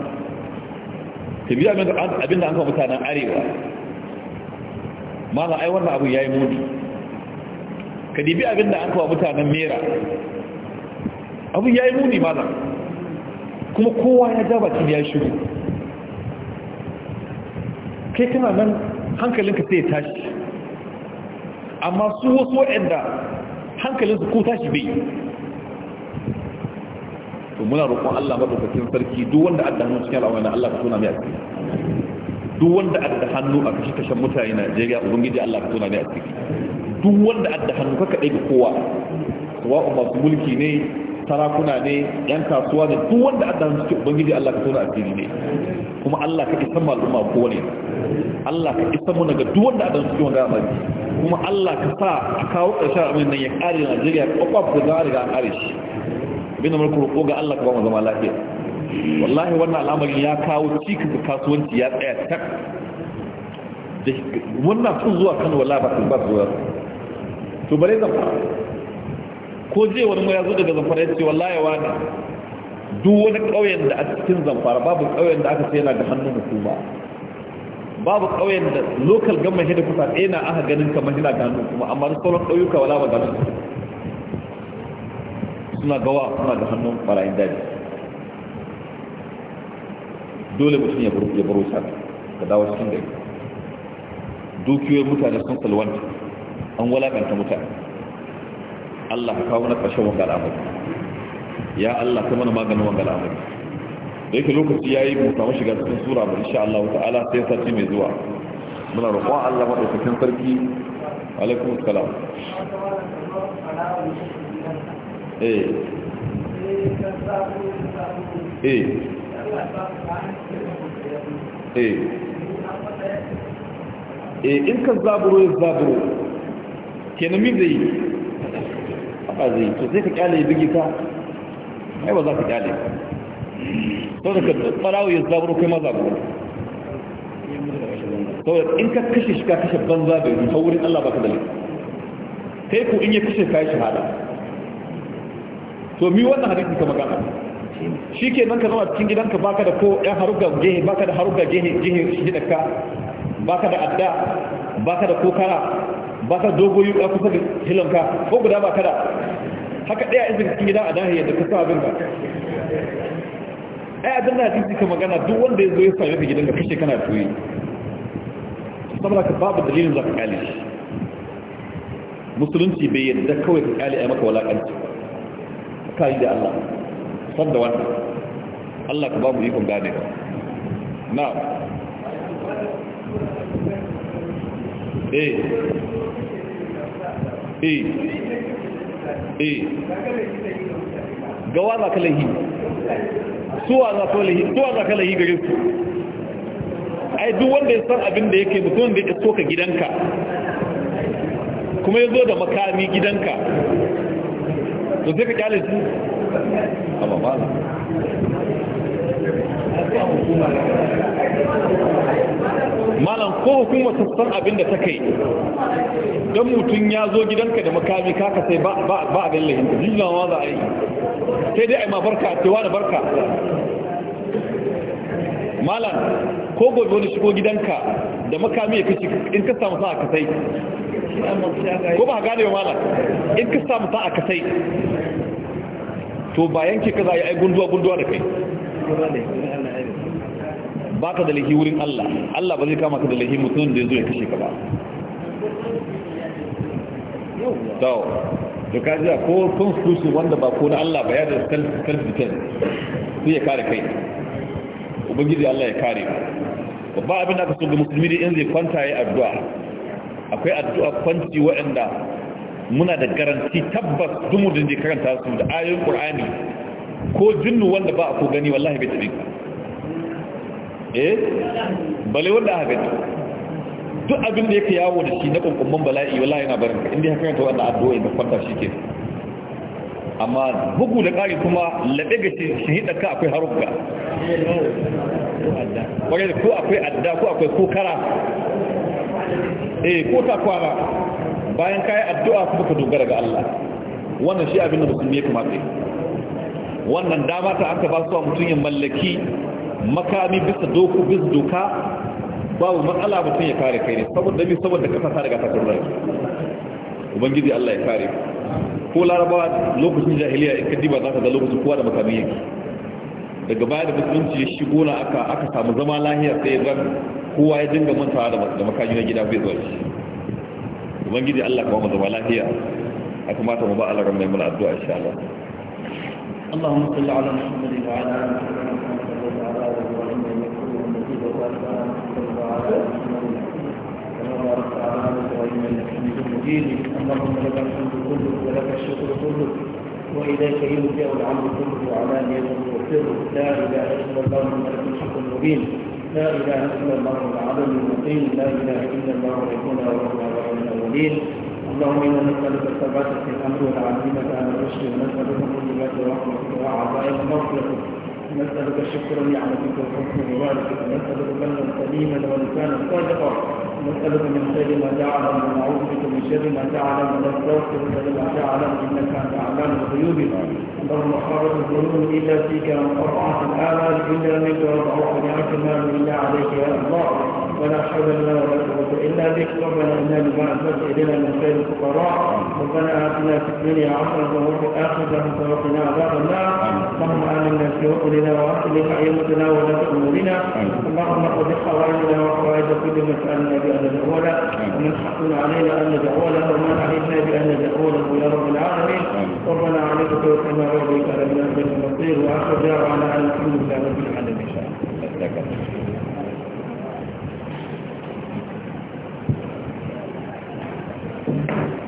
ka dibi abinda an kawo mutanen arewa malam ai wannan abin ya yi muni ka dibi abinda an kawo mutanen mera abin ya yi muni malam kuma kowa ya ja bakin ya shiru kai kana nan hankalinka sai ya tashi amma su wasu waɗanda hankalinsu ko tashi bai to muna roƙon Allah madaukakin sarki duk wanda adda hannu cikin na, Allah ka tona mai ciki duk wanda adda hannu a kashi kashen mutane Najeriya ubangiji Allah ka tona mai ciki duk wanda adda hannu kaka ɗaya kowa wa'u masu mulki ne sarakuna ne yan kasuwa ne duk wanda adda hannu cikin ubangiji Allah ka tona asiri ne kuma Allah ka isa al'umma ko ne Allah ka isa mu daga duk wanda adda hannu cikin wanda amari kuma Allah ka sa a kawo ƙarshen a nan ya kare Najeriya kwakwaf da za ga riga an kare shi bin mulku ko ga Allah ka ba mu zama lafiya wallahi wannan al'amarin ya kawo cikin kasuwanci ya tsaya tak wannan tun zuwa Kano wallahi ba su ba zuwa to bare zan ko je wani ya zo daga zamfara ya ce wallahi wani duk wani ƙauyen da a cikin zamfara babu ƙauyen da aka sai yana ga hannun hukuma babu ƙauyen da local government head kusa ɗaya na aka ganin kamar yana ga hannun hukuma amma da sauran ƙauyuka wala ba ganin suna gawa suna ga hannun ɓarayin daji dole mutum ya baro sa ka dawo cikin gari dukiyoyin mutane sun salwanta an wulaƙanta mutane Allah ka kawo na ƙarshen wangar amari ya Allah ka mana maganin wangar amari da yake lokaci ya yi musamman shiga cikin sura ba insha Allah ala sai sati mai zuwa muna roƙon Allah maɗaukakin sarki alaikum salam eh eh eh eh in ka zaburo ya zaburo kenan mi zai yi ba zai to sai ka kyale ya bigi ka ai ba za ka kyale ba sau da ka tsarawo ya zaburo kai ma zaburo sau da in ka kashe shi ka kashe banza bai ta wurin allah ba ka dalil kai ko in ya kashe ka yi shahada to mi wannan hadisi ka magana shi ke nan ka zama cikin gidanka baka da ko ɗan haruga gehe baka da haruga gehe gehe shi da ka baka da adda baka da kokara ba ka dogo yi a kusa da hilanka ko guda ba kada haka ɗaya izin cikin gida a dahi yadda ka sa abin ba ai abin da hadisi ka magana duk wanda ya zo ya sa ka gidan ka kashe kana tuyi saboda ka babu dalilin za ka kyale musulunci bai yadda kawai ka kyale a maka walakanci ka yi da Allah san da wannan Allah ka babu ikon gane ba Na eh eh eh gawa za ka lahi suwa za ka lahi suwa za ka lahi gare su ai duk wanda ya san abin da yake mutum da ya soka gidanka kuma ya zo da makami gidanka to zai ka kyale su a babana malam ko hukuma ta san abin da ta kai don mutum ya zo gidanka da makami kaka sai ba a ganin hinta jijina ma za a yi sai dai a yi ma barka a wa da barka malam ko gobe wani shigo gidanka da makami ya kashi in ka samu sa'a ka sai ko ba gane wa malam in ka samu sa'a ka sai to bayan ke ka za a yi gunduwa gunduwa da kai ba ka da lahi wurin Allah Allah ba zai kama ka da lahi mutumin da ya zo ya kashe ka ba to to ka ji ko constitution wanda ba ko na Allah ba ya da self self defense sai ya kare kai ubangiji Allah ya kare babba abin da aka so ga musulmi da yanzu ya kwanta yi addu'a akwai addu'a kwanci waɗanda muna da garanti tabbas dumudin da karanta su da ayoyin qur'ani ko jinnu wanda ba a ko gani wallahi bai tabbata eh bale wanda aka gani duk abin da yake yawo da shi na kunkumman bala'i wala yana barin inda ya karanta wannan addu'a da kwanta shi ke amma bugu da ƙari kuma laɗe ga shahidar ka akwai harufka wajen ko akwai adda ko akwai kokara eh ko ta kwana bayan kayan addu'a kuma ka dogara ga Allah wannan shi abin da musulmi ya kamata wannan dama ta aka ba su mutum ya mallaki makami bisa doku bisa doka babu matsala mutum ya kare kai ne saboda bi saboda kasa ta daga takar rai ubangiji Allah ya kare ko larabawa lokacin jahiliya in kaddiba za ka ga lokacin kowa da makami yake daga baya da musulunci ya shigo na aka aka samu zama lahiya sai ga kowa ya dinga mantawa da makami na gida bai zuwa shi ubangiji Allah kawo mu zama lahiya a kamata mu ba Allah ran mai muna addu'a insha Allah اللهم صل على محمد وعلى آل سبحانك وإنك حميد مجيد اللهم لك الحمد كله ولك الشكر كله وإليك يرجع العمل كله وعلانيته وسره لا إله إلا الله الملك الحق المبين لا إله إلا الله العظيم المقيم لا إله إلا الله ربنا وربنا الأولين اللهم إنا نسألك الثبات في الأمر والعزيمة على الرشد ونسألك طيبات رحمتك وعظائم مغفرتك نسألك شكر نعمتك وحسن عبادتك نسألك بلدا سليما ولسانا صادقا ونسألك من شر ما تعلم ونعوذ بك من شر ما تعلم ونستغفرك لما تعلم إنك أنت علام الغيوب اللهم خرج الظنون إلا فيك وقطعت الآمال إلا منك وضعوك نعمة المال إلا عليك يا الله ولا حول لنا ولا قوة إلا بك ربنا إنا بما أنزلت إلينا من خير الفقراء ربنا آتنا في الدنيا حسنة وفي الآخرة حسنة عذاب النار اللهم آمنا في وطننا وأصلح أئمتنا ولا تأمرنا اللهم قد حوائجنا وحوائج كل مسألة أن ندعو ومن حقنا علينا أن ندعو له وما علينا بأن ندعو يا رب العالمين ربنا عليك توكلنا وإليك على من أجل المصير وآخر دعوانا أن الحمد لله رب العالمين Thank you.